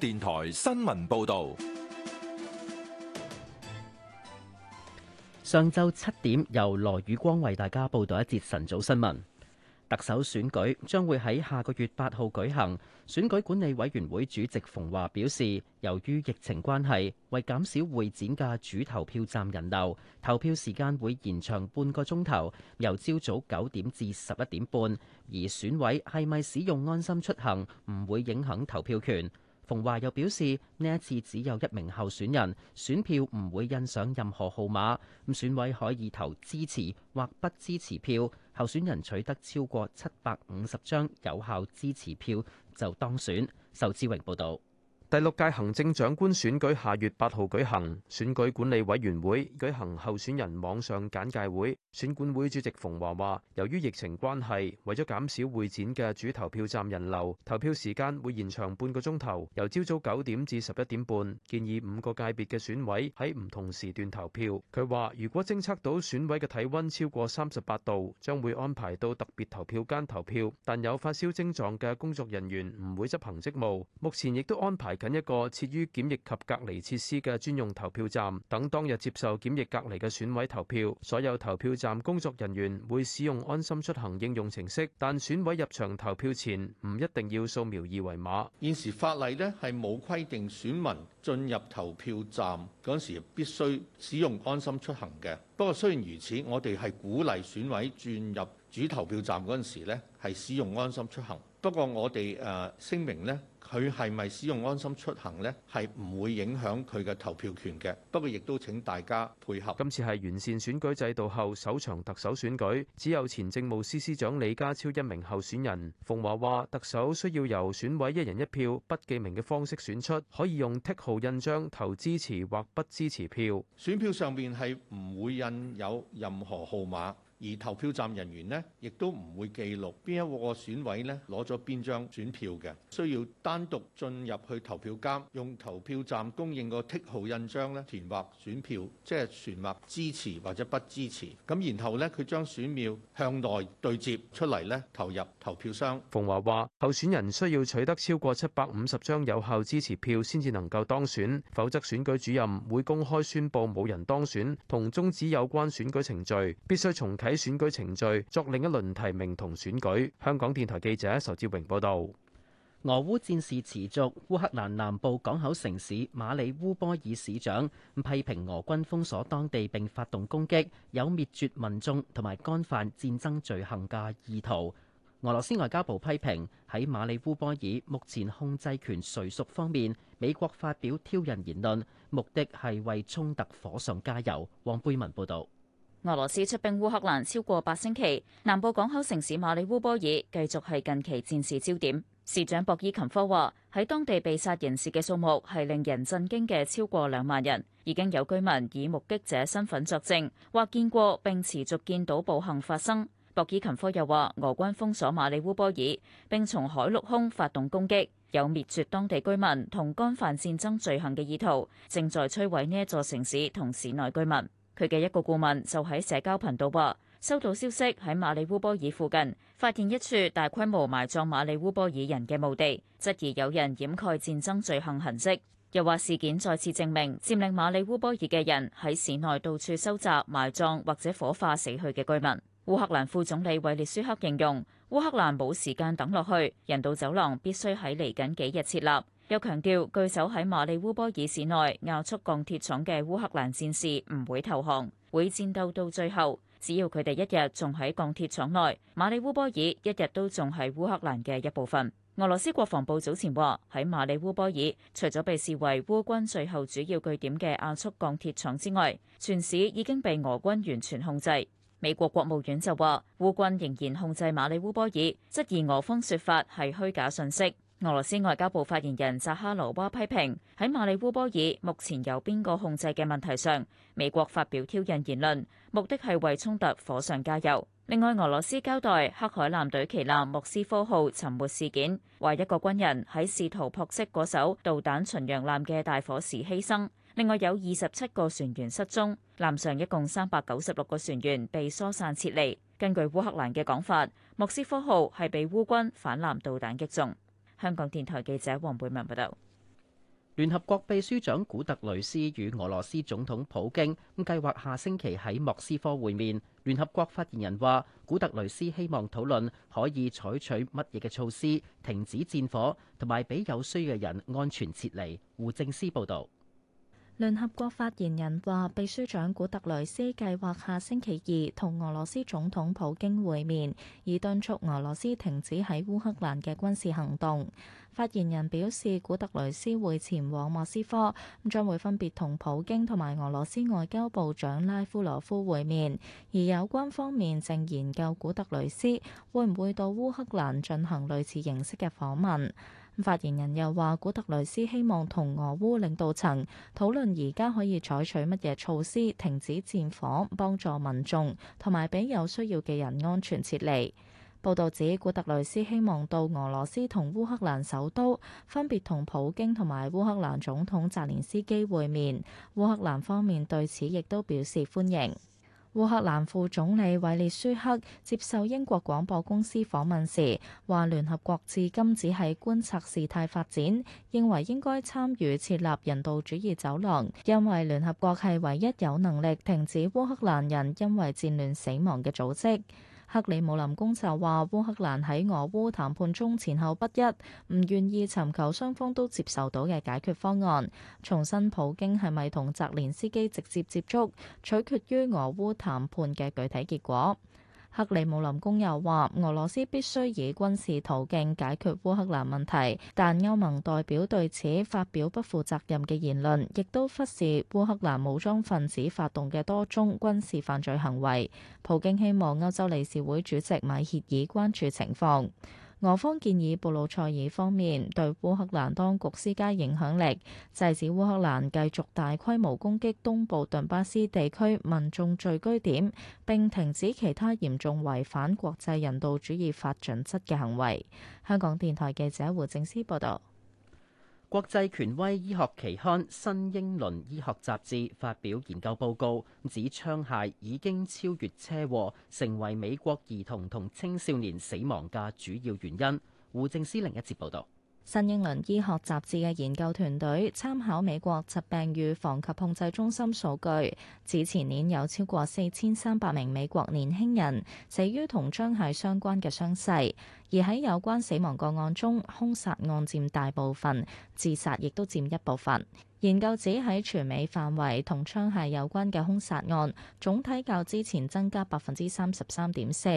電台新聞報道：上晝七點，由羅宇光為大家報道一節晨早新聞。特首選舉將會喺下個月八號舉行。選舉管理委員會主席馮華表示，由於疫情關係，為減少會展嘅主投票站人流，投票時間會延長半個鐘頭，由朝早九點至十一點半。而選委係咪使用安心出行，唔會影響投票權。馮華又表示，呢一次只有一名候選人，選票唔會印上任何號碼，咁選委可以投支持或不支持票。候選人取得超過七百五十張有效支持票就當選。仇志榮報導。第六屆行政長官選舉下月八號舉行，選舉管理委員會舉行候選人網上簡介會。選管會主席馮華話：由於疫情關係，為咗減少會展嘅主投票站人流，投票時間會延長半個鐘頭，由朝早九點至十一點半。建議五個界別嘅選委喺唔同時段投票。佢話：如果偵測到選委嘅體温超過三十八度，將會安排到特別投票間投票，但有發燒症狀嘅工作人員唔會執行職務。目前亦都安排緊一個設於檢疫及隔離設施嘅專用投票站，等當日接受檢疫隔離嘅選委投票。所有投票站站工作人員會使用安心出行應用程式，但選委入場投票前唔一定要掃描二維碼。現時法例呢係冇規定選民進入投票站嗰時必須使用安心出行嘅。不過雖然如此，我哋係鼓勵選委轉入。主投票站嗰陣時咧，係使用安心出行。不過我哋誒聲明咧，佢係咪使用安心出行咧，係唔會影響佢嘅投票權嘅。不過亦都請大家配合。今次係完善選舉制度後首場特首選舉，只有前政務司司長李家超一名候選人。馮驊話特首需要由選委一人一票，不記名嘅方式選出，可以用剔號印章投支持或不支持票。選票上面，係唔會印有任何號碼。而投票站人員呢，亦都唔會記錄邊一個選委呢攞咗邊張選票嘅，需要單獨進入去投票間，用投票站供應個剔號印章呢填劃選票，即係填劃支持或者不支持。咁然後呢，佢將選票向內對接出嚟呢，投入投票箱。馮華話：候選人需要取得超過七百五十張有效支持票先至能夠當選，否則選舉主任會公開宣布冇人當選，同終止有關選舉程序，必須重啟。喺選舉程序作另一輪提名同選舉。香港電台記者仇志榮報道。俄烏戰事持續，烏克蘭南部港口城市馬里烏波爾市長批評俄軍封鎖當地並發動攻擊，有滅絕民眾同埋干犯戰爭罪行嘅意圖。俄羅斯外交部批評喺馬里烏波爾目前控制權誰屬方面，美國發表挑釁言論，目的係為衝突火上加油。黃貝文報導。俄羅斯出兵烏克蘭超過八星期，南部港口城市馬里烏波爾繼續係近期戰事焦點。市長博伊琴科話：喺當地被殺人士嘅數目係令人震驚嘅，超過兩萬人。已經有居民以目擊者身份作證，話見過並持續見到暴行發生。博伊琴科又話：俄軍封鎖馬里烏波爾，並從海陸空發動攻擊，有滅絕當地居民同干犯戰爭罪行嘅意圖，正在摧毀呢一座城市同市內居民。佢嘅一個顧問就喺社交頻道話，收到消息喺馬里烏波爾附近發現一處大規模埋葬馬里烏波爾人嘅墓地，質疑有人掩蓋戰爭罪行痕跡，又話事件再次證明佔領馬里烏波爾嘅人喺市內到處收集埋葬或者火化死去嘅居民。烏克蘭副總理韋列舒克形容，烏克蘭冇時間等落去，人道走廊必須喺嚟緊幾日設立。又強調，據守喺馬里烏波爾市內亞速鋼鐵廠嘅烏克蘭戰士唔會投降，會戰鬥到最後。只要佢哋一日仲喺鋼鐵廠內，馬里烏波爾一日都仲係烏克蘭嘅一部分。俄羅斯國防部早前話，喺馬里烏波爾，除咗被視為烏軍最後主要據點嘅亞速鋼鐵廠之外，全市已經被俄軍完全控制。美國國務院就話，烏軍仍然控制馬里烏波爾，質疑俄方說法係虛假信息。俄羅斯外交部發言人扎哈羅娃批評喺馬里烏波爾目前由邊個控制嘅問題上，美國發表挑釁言論，目的係為衝突火上加油。另外，俄羅斯交代黑海艦隊旗艦莫斯科號沉沒事件，話一個軍人喺試圖撲熄嗰艘導彈巡洋艦嘅大火時犧牲，另外有二十七個船員失蹤，艦上一共三百九十六個船員被疏散撤離。根據烏克蘭嘅講法，莫斯科號係被烏軍反艦導彈擊中。香港電台記者王貝文報道，聯合國秘書長古特雷斯與俄羅斯總統普京計劃下星期喺莫斯科會面。聯合國發言人話，古特雷斯希望討論可以採取乜嘢嘅措施，停止戰火，同埋俾有需要嘅人安全撤離。胡正思報道。聯合國發言人話，秘書長古特雷斯計劃下星期二同俄羅斯總統普京會面，以敦促俄羅斯停止喺烏克蘭嘅軍事行動。發言人表示，古特雷斯會前往莫斯科，咁將會分別同普京同埋俄羅斯外交部長拉夫羅夫會面。而有關方面正研究古特雷斯會唔會到烏克蘭進行類似形式嘅訪問。發言人又話：古特雷斯希望同俄烏領導層討論，而家可以採取乜嘢措施停止戰火，幫助民眾同埋俾有需要嘅人安全撤離。報道指古特雷斯希望到俄羅斯同烏克蘭首都，分別同普京同埋烏克蘭總統澤連斯基會面。烏克蘭方面對此亦都表示歡迎。烏克蘭副總理韋列舒克接受英國廣播公司訪問時，話聯合國至今只係觀察事態發展，認為應該參與設立人道主義走廊，因為聯合國係唯一有能力停止烏克蘭人因為戰亂死亡嘅組織。克里姆林宮就話，烏克蘭喺俄烏談判中前後不一，唔願意尋求雙方都接受到嘅解決方案。重申普京係咪同澤連斯基直接接觸，取決於俄烏談判嘅具體結果。克里姆林宮又話，俄羅斯必須以軍事途徑解決烏克蘭問題，但歐盟代表對此發表不負責任嘅言論，亦都忽視烏克蘭武裝分子發動嘅多宗軍事犯罪行為。普京希望歐洲理事會主席米歇爾關注情況。俄方建議布魯塞爾方面對烏克蘭當局施加影響力，制止烏克蘭繼續大規模攻擊東部頓巴斯地區民眾聚居點，並停止其他嚴重違反國際人道主義法準則嘅行為。香港電台記者胡正思報道。國際權威醫學期刊《新英倫醫學雜誌》發表研究報告，指槍械已經超越車禍，成為美國兒童同青少年死亡嘅主要原因。胡政思另一節報道，《新英倫醫學雜誌》嘅研究團隊參考美國疾病預防及控制中心數據，指前年有超過四千三百名美國年輕人死於同槍械相關嘅傷勢。而喺有關死亡個案中，兇殺案佔大部分，自殺亦都佔一部分。研究指喺全美範圍同槍械有關嘅兇殺案總體較之前增加百分之三十三點四，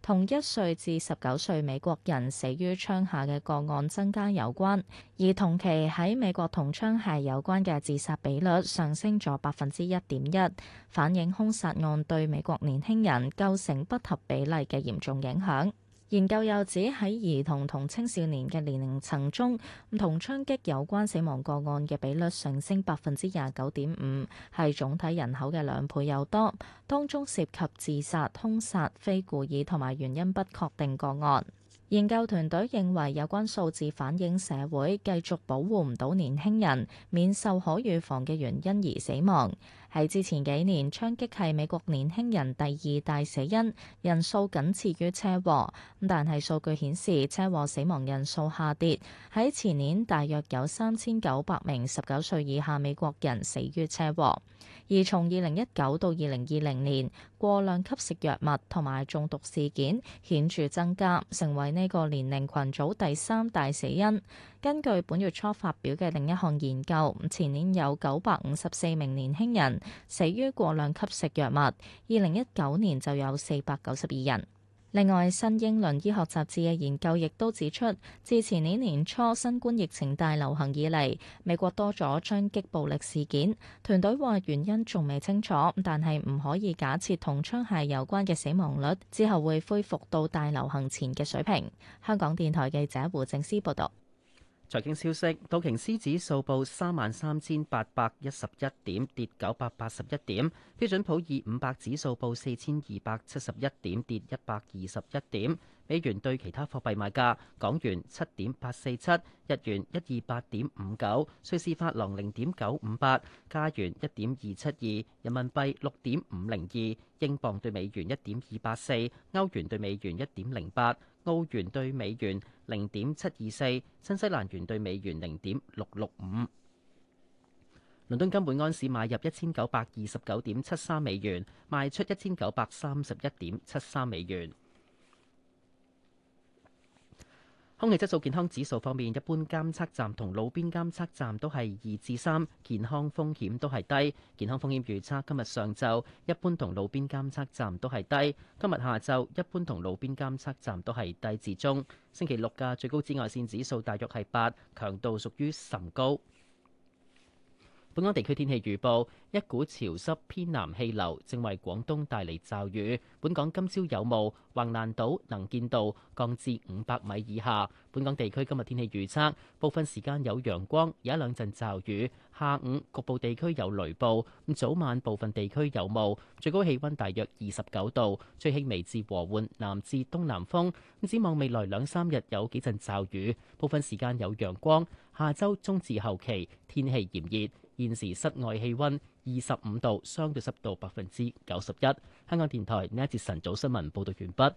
同一歲至十九歲美國人死於槍下嘅個案增加有關。而同期喺美國同槍械有關嘅自殺比率上升咗百分之一點一，反映兇殺案對美國年輕人構成不合比例嘅嚴重影響。研究又指喺兒童同青少年嘅年齡層中，唔同槍擊有關死亡個案嘅比率上升百分之廿九點五，係總體人口嘅兩倍有多。當中涉及自殺、兇殺、非故意同埋原因不確定個案。研究團隊認為有關數字反映社會繼續保護唔到年輕人免受可預防嘅原因而死亡。喺之前幾年，槍擊係美國年輕人第二大死因，人數僅次於車禍。但係數據顯示，車禍死亡人數下跌。喺前年，大約有三千九百名十九歲以下美國人死於車禍。而從二零一九到二零二零年，過量吸食藥物同埋中毒事件顯著增加，成為呢個年齡群組第三大死因。根據本月初發表嘅另一項研究，前年有九百五十四名年輕人死於過量吸食藥物，二零一九年就有四百九十二人。另外，《新英倫醫學雜誌》嘅研究亦都指出，自前年年初新冠疫情大流行以嚟，美國多咗槍擊暴力事件。團隊話原因仲未清楚，但係唔可以假設同槍械有關嘅死亡率之後會恢復到大流行前嘅水平。香港電台記者胡靖思報道。財經消息，道瓊斯指數報三萬三千八百一十一點，跌九百八十一點；標準普爾五百指數報四千二百七十一點，跌一百二十一點。美元兌其他貨幣賣價：港元七點八四七，日元一二八點五九，瑞士法郎零點九五八，加元一點二七二，人民幣六點五零二，英鎊對美元一點二八四，歐元對美元一點零八，澳元對美元零點七二四，新西蘭元對美元零點六六五。倫敦金本安市買入一千九百二十九點七三美元，賣出一千九百三十一點七三美元。空氣質素健康指數方面，一般監測站同路邊監測站都係二至三，健康風險都係低。健康風險預測，今日上晝一般同路邊監測站都係低，今日下晝一般同路邊監測站都係低至中。星期六嘅最高紫外線指數大約係八，強度屬於甚高。本港地區天氣預報：一股潮濕偏南氣流正為廣東帶嚟驟雨。本港今朝有霧，橫瀾島能見度降至五百米以下。本港地區今日天氣預測：部分時間有陽光，有一兩陣驟雨，下午局部地區有雷暴。咁早晚部分地區有霧，最高氣溫大約二十九度，吹輕微至和緩，南至東南風。展望未來兩三日有幾陣驟雨，部分時間有陽光。下周中至後期天氣炎熱。現時室外氣溫二十五度，相對濕度百分之九十一。香港電台呢一節晨早新聞報道完畢。